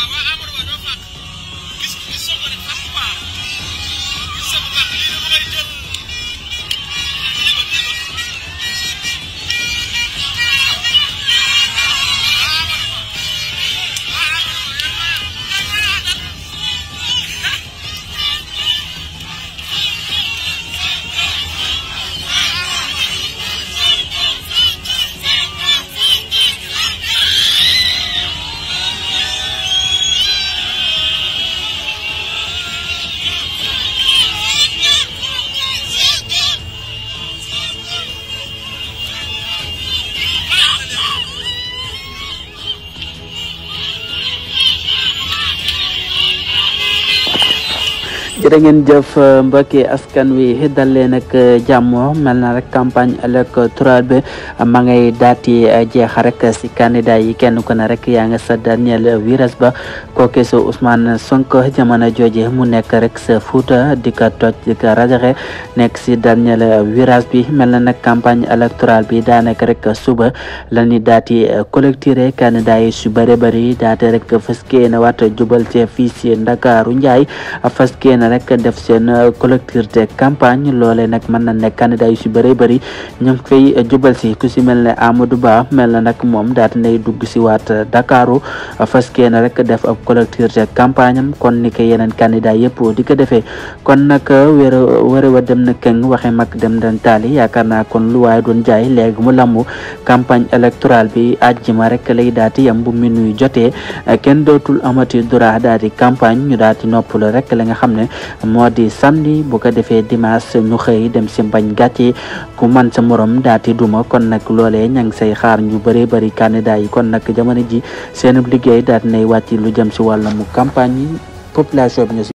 I'm baba amro jërë ngeen jëf euh, mbokki askan wi dal leen ak euh, jàmm mel na rek campagne électorale bi ma ngay daati euh, jeex rek si kanidaay yi kenn ku ne rek yaa nga sa Daniel Wiras ba kooke su Ousmane Sonko jooje mu nekk rek sa Fuuta di ka toj nekk si Daniel Wiras bi mel na nag campagne électorale bi daanaka rek suba la ñu daati collecté candidat yi su bëri bëri daate rek fas wat waat jubal ci fii si Ndakaaru Njaay fas yéene nag def seen euh, collecteur de campagne loole nag man na ne candidat yu si bëree bëri ñu ngi fay euh, jubal si ku si mel ne Amadou Ba mel na nag moom daat nay dugg si waat euh, Dakaru fas kee rek def ab collecteur de campagne kon ni ko yeneen candidat yëpp di ko defee kon nag wéra wéra wa dem na keng waxe mag dem dan taali yaakaar naa kon lu waaye doon jaay léegi mu lambu campagne électorale bi àjjuma rek lay daati yam bu minuy jotee kenn dootul amati droit daal di campagne ñu nga xam ne moo di samedi bu ko defee dimanche ñu xëy dem si mbañ gàcce ku man sa morom daati duma kon nag loolee ña say xaar ñu bëree bëri candidat yi kon nag jamono ji seen liggéey daati nay wàcc lu jëm si wàllum campagne population bi